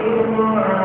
الرحيم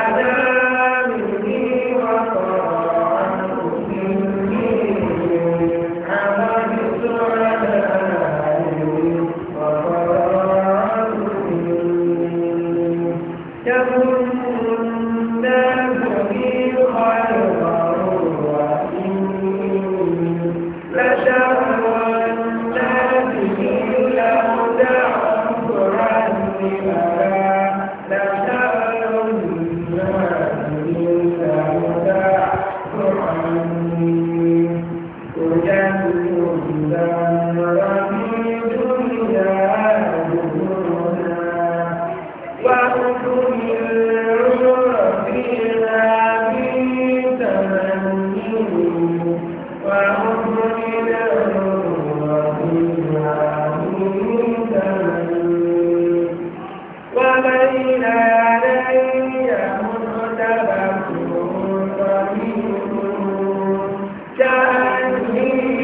عذاب Thank you.